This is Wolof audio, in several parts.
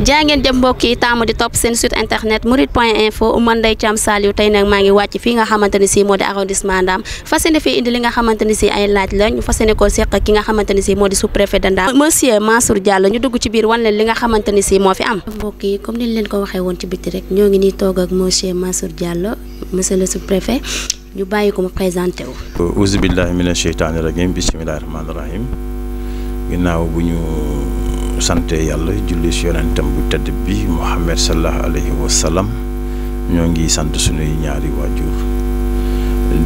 jaa ngeen jëm mbokk yi taamu di topp seen site internet murid point info man Ndeye Thiam Saliou tey nag maa ngi wàcc fii nga xamante ni si moo di arrondissement Ndam fas yéene fi indi li nga xamante ni si ay laaj la ñu fas yéene koo seq ki nga xamante ni si moo di sous préfet de Ndam monsieur Mansour ñu dugg ci biir wan leen li nga xamante ni si moo fi am mbokk yi comme niñ leen ko waxee woon ci biti rek ñoo ngi nii toog ak monsieur Mansour Diallo monsieur le préfet ko mu présenté wu auzu billahi mina sheytaani rajim bismillahi rahmaani rahim ginnaaw bu ñu sante yalla ya julli ci yonentam bu tedd bi Muhammad sallallahu alayhi wa sallam ñoo ngi sante suñu ñaari wajur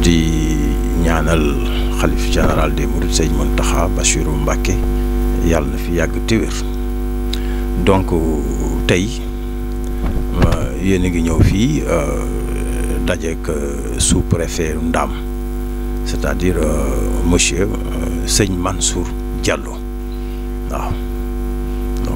di ñaanal Khalif General de mourid seyd Mountakha Bassirou mbake yalla fi yag te wér donc tey yene a ngi fi fii eh, ak sous-préfet Ndam c'est-à-dire eh, monsieur eh, sëñ Mansour Diallo ah.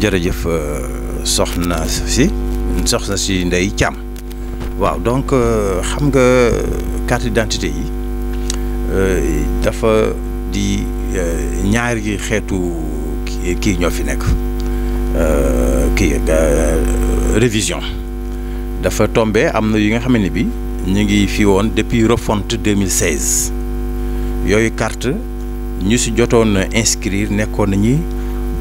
jërëjëf euh, soxna si soxna si Ndeye Thiam waaw donc euh, xam nga carte d'identité yi euh, dafa di ñaar ñaari xeetu kii ñoo fi nekk kii révision dafa tombé am na yi nga xam ni bi ñu ngi fi woon depuis refonte 2016 yooyu carte ñu si jotoon inscrire nekkoon nañu.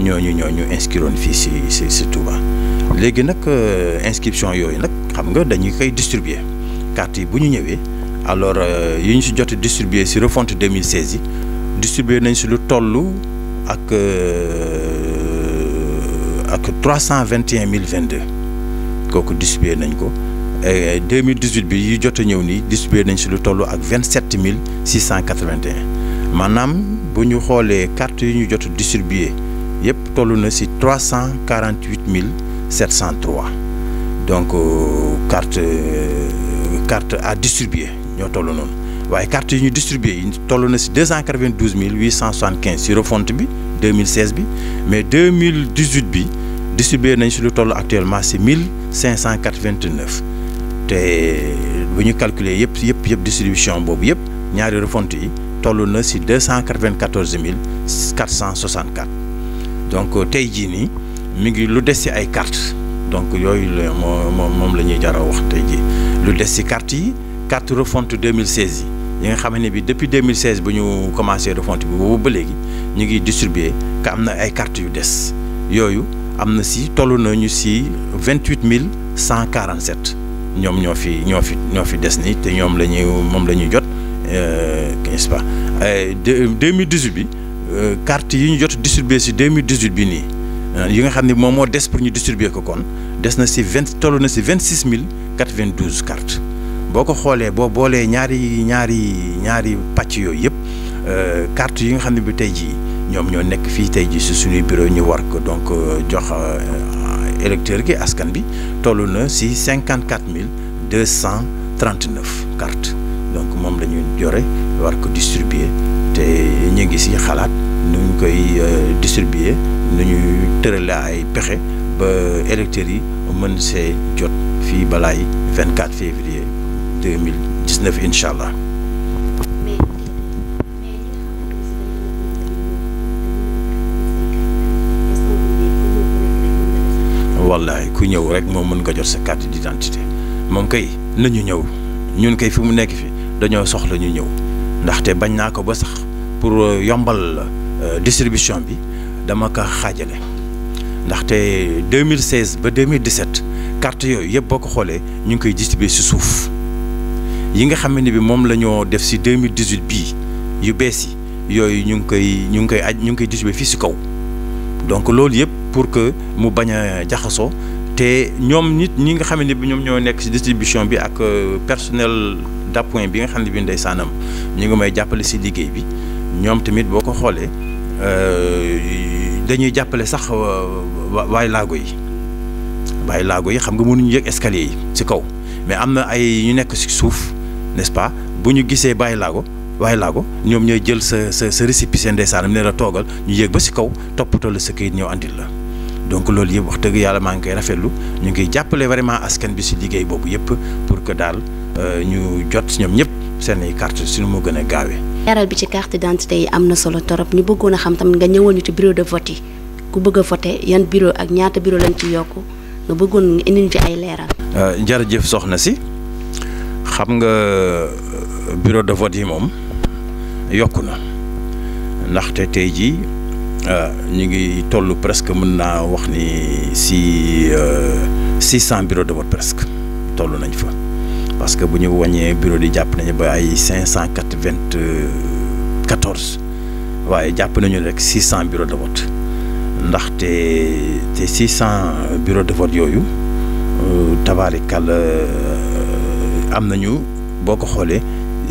ñooñu ñooñu inscriroon fii si si si Touba léegi nag euh, inscription yooyu nag xam nga dañuy distribuer carte yi bu ñu alors euh, yi ñu si jot distribuer si refonte 2016 yi distribuer nañ ci lu tollu ak euh, ak 321 022 kooku distribuer nañ ko 2018 bi yi jot a ñëw nii distribuer nañ ci lu tollu ak 27 681 maanaam bu ñu xoolee carte yi ñu jot distribuer yep y 348 703 donc euh, carte euh, carte à distribuer ño waye carte distribuer yi 292 875 sur fonte bi 2016 mais 2018 bi actuellement c'est 1589 té bu ñu calculer yep yep yep distribution bobu yep 294 464 donc tey jii nii mi ngi lu des ci ay cartes donc yooyu mom lañuy jara wax tey jii lu des ci cartes yi carte refonte 2016 yi nga xam bi depuis 2016 buñu commencé refonte bi boobu ba légui ñu ngi distribuer ka amna ay cartes yu dess yooyu amna si tollu nañu si 28147 ñom ñoom ñoo fi ñoo fi ñoo fi des nii te ñoom la ñuy moom la ñuy jot euh, n'est-ce pas 2018 euh, bi. Euh, carte yi ñu jot distribuer ci 2018 bi ni euh, yi nga xamni ne mo moo des pour ñu distribuer ko kon des na ci 20 toll na si vingt six mille quatre bo douze cartes boo ko xoolee boo ñaari ñaari ñaari pàcc yooyu yëpp euh, cartes yi nga xamni bi tay ji ñom ñoo nek fi tay ji si suñuy bureau ñu war ko donc jox électeur gi askan bi toll na si cinquante quatre cartes donc mom la joré war ko distribuer te ñu ngi si xalaat nu ñu koy euh, distribuer nu ñu tërale ay pexe ba électeurs yi mën see jot fii balaay 24 février 2019 incha allah. wallaay ku ñëw rek moom mën nga jot sa carte d'identité moom kay nañu ñëw ñun kay fi mu nekk fi dañoo soxla ñu ñëw ndaxte bañ naa ko ba sax pour euh, yombal euh, distribution bi dama ko xaajale ndaxte 2016 ba 2017 carte yoy yeb boko xolé ñu ngi koy distribuer ci souf yi nga xamé ni bi moom la def ci 2018 bi, yu bési yoy ñu ngi koy ñu ngi koy aj ñu ngi koy distribuer fi ci kaw donc lool yeb pour que mu baña a té te nit ñi nga xamé ni bi ñoom ñoo nekk ci distribution bi ak euh, personnel d'appoint bi nga xamné bi ndeysaanam ñu ngi may jàppale ci liggéey bi ñoom tamit boo ko xoolee euh, dañuy jàppale sax euh, waay laago yi waay laago yi xam nga mënuñu yëg escalier yi si kaw mais am na ay ñu nekk si suuf n'est-ce bu ñu gisee bàyyi laago waaye laago ñoom ñooy jël sa sa sa récépissé ndeysaanam ne la toogal ñu yéeg ba si kaw toppatoo la sa kayit ñëw andil la donc loolu yëpp wax dëgg yàlla maa ngi koy rafetlu ñu ngi jàppale vraiment askan bi si liggéey boobu yëpp pour que daal euh, ñu jot ci ñoom ñëpp seen i si suñu mu gën a gaawee leeral bi ci carte d'identité yi am na solo torop ñu bëggoon a xam tamit nga ñëwoon ñu ci bureau de vote yi ku bëgg a voté yan bureau ak ñaata bureau lañ ci yokk nga bëggoon nga indi ci ay leeral. Euh, jërëjëf soxna si xam nga euh, bureau de vote yi moom yokk na ndaxte tey jii euh, ñu ngi tollu presque mën naa wax ni si 600 bureau de vote presque tollu nañ fa. parce que nous avons un bureau de Japon 594. Ouais, Japon nous avons 600 bureaux de vote. Nous ces 600 bureaux de vote. Nous avons beaucoup de vote.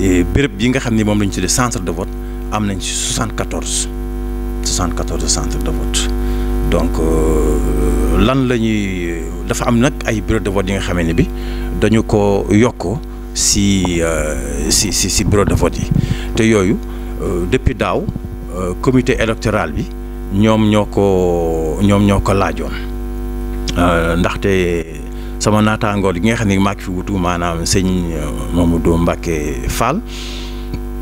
Et bien que nous avons le centre de vote, nous avons 74. 74 centres de vote. Donc, euh, lan la ñuy dafa am nag ay bureau de vote yi nga xamee ne bi dañu ko yokk si euh, si si si bureau de vote yi te yooyu euh, depuis daaw euh, comité électoral bi ñoom ñoo ko ñoom ñoo ko laajoon ndaxte sama naataangoor gi nga xam ne maa ngi fi wutu maanaam sëñ Mamadou Mbacke Fall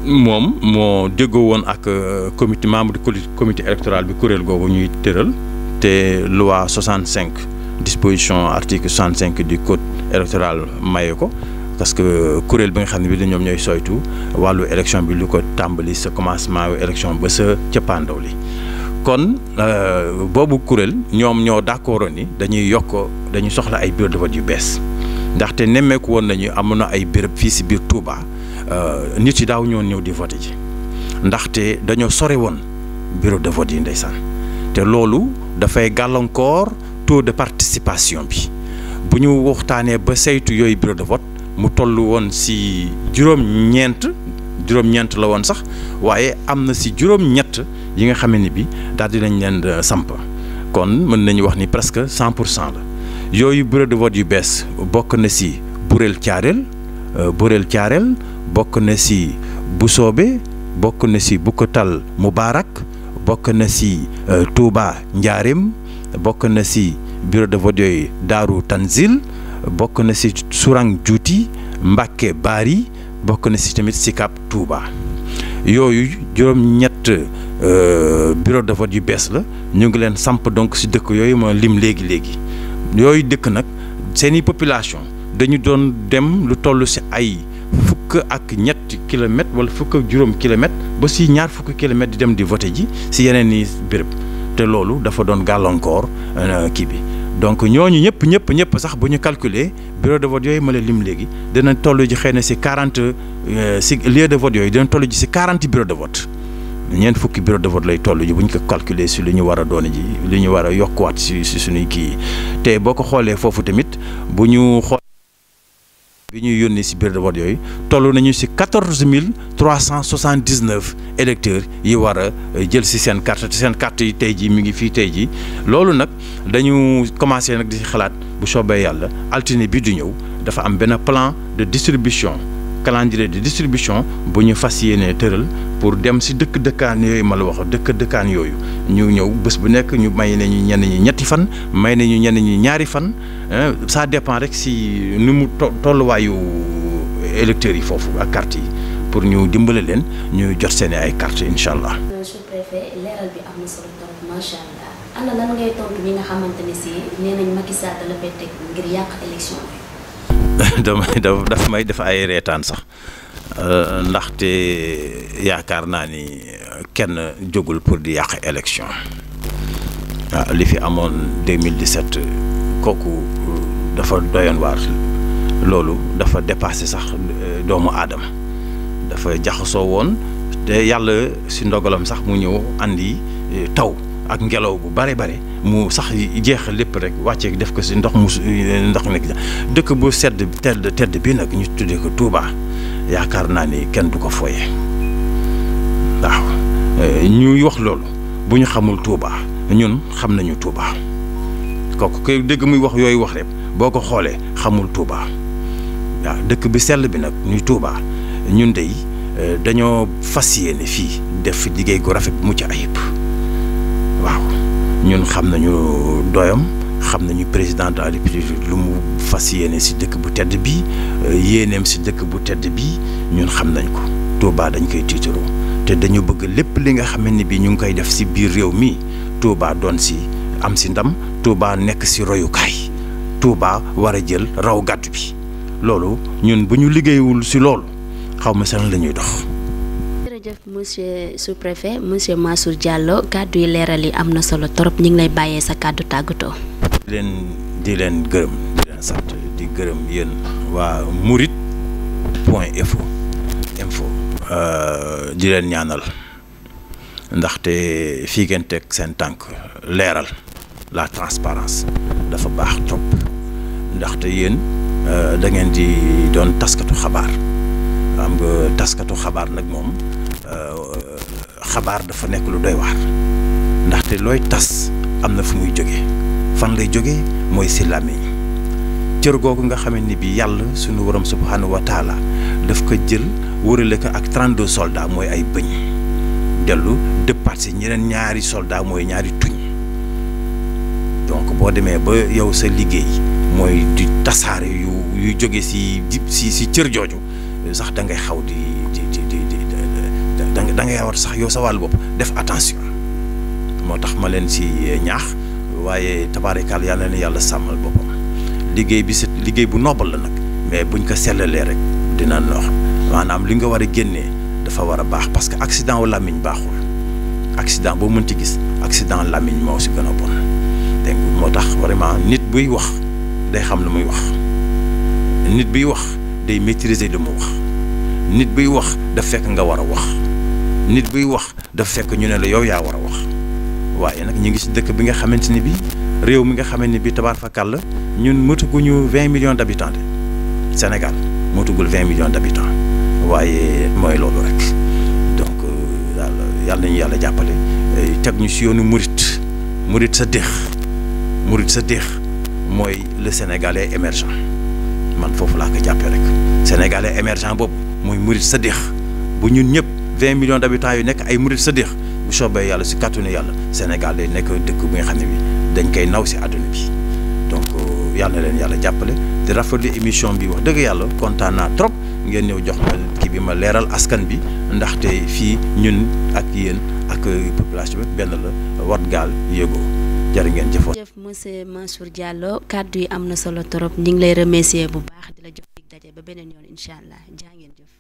moom moo déggoo woon ak comité membre du comité électoral bi kuréel googu ñuy tëral te loi 65 disposition article 65 du code électoral mayoko, parce que kuréel bi nga xam ne bi ñoom soytu wàllu élection bi lu ko tàmbali sa commencement élection ba sa cëppaandaw li kon euh, bobu kuréel ñom ñoo d'accord ni dañuy yokko dañuy soxla ay bureau de vote yu bees ndaxte nemmeeku woon nañu amoon na ay béréb fii si biir Touba euh, nit ci daw ñoo ñëw di vote ji té dañoo soré won bureau de vote yi ndeysaan te da fay gàllankoor taux de participation bi buñu ñu waxtaanee ba seytu yoy bureau de vote mu tollu won ci djuroom ñent djuroom ñent la won sax waaye amna na ci juróom-ñett yi nga xam ne bi dal di nañ leen euh, samp kon meun nañ wax ni presque 100%, la yoy bureau de vote yu bess, bokk na ci Burel tiarel euh, Burel tiarel bokk na ci Busobe, bokk na ci Bukotal, Mubarak. bokk na si euh, Touba Njaarim bokk na si bureau de vote yooyu Daaru Tanzil bokk na si Sourang Juuti Mbàkke Baari bokk na si tamit Sicap Touba yooyu juróom-ñett euh, bureau de vote yu bees la ñu ngi leen samp donc si dëkk yooyu ma lim léegi léegi yooyu dëkk nag seeni population dañu doon dem lu toll si ay. fukk ak ñetti kilomètres wala fukk ak juróom kilomètres ba si ñaar fukk kilomètres di dem di voté ji si yeneen i béréb te loolu dafa doon gàllankoor euh, kii bi donc ñooñu ñëpp ñëpp ñëpp sax bu ñu calculer bureau de vote yooyu ma la lim léegi dina toll ji xëy na si quarante euh, si lieu de vote yooyu dina toll ji si quarante bureau de vote ñeent fukki bureau de vote lay toll ji bu ñu ko calculer si lu ñu war a doon ji li ñu war a yokkuwaat si si suñuy kii te boo ko xoolee foofu tamit bi ñuy yónnee si biir de vote yooyu toll nañu si quatorze mille trois cent soixante dix neuf électeurs yi war a euh, jël si seen carte seen carte yi tey jii mu ngi fii tey jii loolu nag dañu commencé nag di si xalaat bu soobee yàlla altine bi du ñëw dafa am benn plan de distribution. calendrier de distribution bu ñu fas yéenee pour dem ci dëkk dëkkaan yooyu ma la wax dëkk dëkkaan yoy ñu ñew bés bu nekk ñu may nañu ñen ñi ñetti fan may nañu ñen ñi ñaari fan ça dépend rek si nu mu tollu wayu électeur yi fofu ak carte yi pour ñu dimbalé len ñu jot seen ay carte inshallah allah. sous-préfet leeral bi am solo trop macha ana lan ngay tontu ñi nga xamante ne si nee Macky Sall da la fay teg ngir yaq élection bi. damay dafa may def ay reetaan sax euh, ndaxte yaakaar naa ni kenn jógul pour di yàq élection waaw li fi amoon 2017 kooku dafa doyoon waar loolu dafa dépassé sax euh, doomu aadama dafa jaxasoo woon te yàlla si ndogalam sax mu ñëw andi euh, taw. ak ngelaw bu bare bare mu sax jeex lépp rek wàccee def ko si ndox mu ndox nekk dëkk bu sedd tedd tedd bi nag ñu tuddee ko Touba yaakaar naa ni kenn du ko fooye waaw eh, ñuy wax loolu bu ñu xamul tuubaa ñun xam nañu Touba kooku koy dëgg muy wax yooyu wax rek boo ko xoolee xamul Touba waaw dëkk bi sell bi nag ñuy Touba ñun dey eh, dañoo fas yéene fii def liggéey gu rafet bu mucc ayib ñun xam nañu doyam xam nañu président de la république lu mu fas yéene si dëkk bu tedd bi euh, yéeneem si dëkk bu tedd bi ñun xam nañ ko Touba dañ koy tiitaroo te dañu bëgg lépp li nga xam ne bi ñu ngi koy def si biir réew mi Touba doon si am si ndam Touba nekk si royukaay Touba war a jël raw gàddu bi loolu ñun bu ñu liggéeyul si lool xawma ma san la ñuy dox monsieur sous-préfet monsieur Massour Diallo kàddu yi leeral solo trop ñu lay bàyyee sa kàddu tàggatoo. di leen di leen gërëm di leen sant di gërëm yéen wa murit point info info. Euh, di leen ñaanal ndaxte fii ngeen teg seen tànk la transparence dafa baax trop ndaxte yéen euh, da ngeen di doon taskatu xabaar. am nga taskatu xabaar nag moom euh, xabaar dafa nekk lu doy waar ndaxte looy tas am na fu muy jóge fan lay jóge mooy si làmmiñ cër googu nga xamee ni bi yàlla sunu borom subhaanahu wa taala daf ko jël wërale ko ak 32 soldats mooy ay bëñ dellu dëppaat si ñeneen ñaari soldats mooy ñaari tuñ donc boo demee ba yow sa liggéey mooy tasaare yu yu jóge si si si cër jooju sax da ngay xaw di di di di di da ngay war sax yow sa wàllu bopp def attention moo tax ma leen ci ñaax waaye tabaarikaal yàlla ne yàlla sàmmal boppam liggéey bi set liggéey bu noobal la nag mais buñ ko sellalee rek dina noox maanaam li nga war a génnee dafa war a baax parce que accident wu làmmiñ baaxul accident boo mënti gis accident làmmiñ moo si gën a bon dégg moo vraiment nit buy wax day xam lu muy wax nit buy wax day maîtriser li mu wax nit buy wax daf fekk nga war a wax nit buy wax daf fekk ñu ne la yow yaa war a wax waaye nag ñu ngi si dëkk bi nga xamante ni bii réew mi nga xamante ni bii tabaar fakal la ñun mëtaguñu vingt millions d'habitants de Sénégal mëtagul vingt millions d'habitants waaye mooy loolu rek donc euh, yàlla yàlla nañu yàlla jàppale euh, teg ñu ci yoonu murit murit sa déex murit sa déex mooy le Sénégalais émergent man fofu la ko jappé rek sénégalais émergent bob moy murit sadix bu ñun ñep 20 millions d'habitants yu nek ay murit sadix bu soobee yalla ci kàttanu yalla Sénégal day nekk dëkk bi nga xam ne dañ koy naw ci aduna bi donc euh, yalla leen yalla jappalé di rafetlu émission bi wax deug yalla contana trop ngeen ñew jox ma ki bi ma léral askan bi ndax ndaxte fi ñun ak yeen ak population bi benn la Wat Gaal Yéego jërë ngeen jëf. jërëjëf monsieur Mansour Diallo kàddu yi am na solo trop ñu ngi lay remercier bu baax di la jox dig daje ba beneen yoon incha allah jaa ngeen jëf.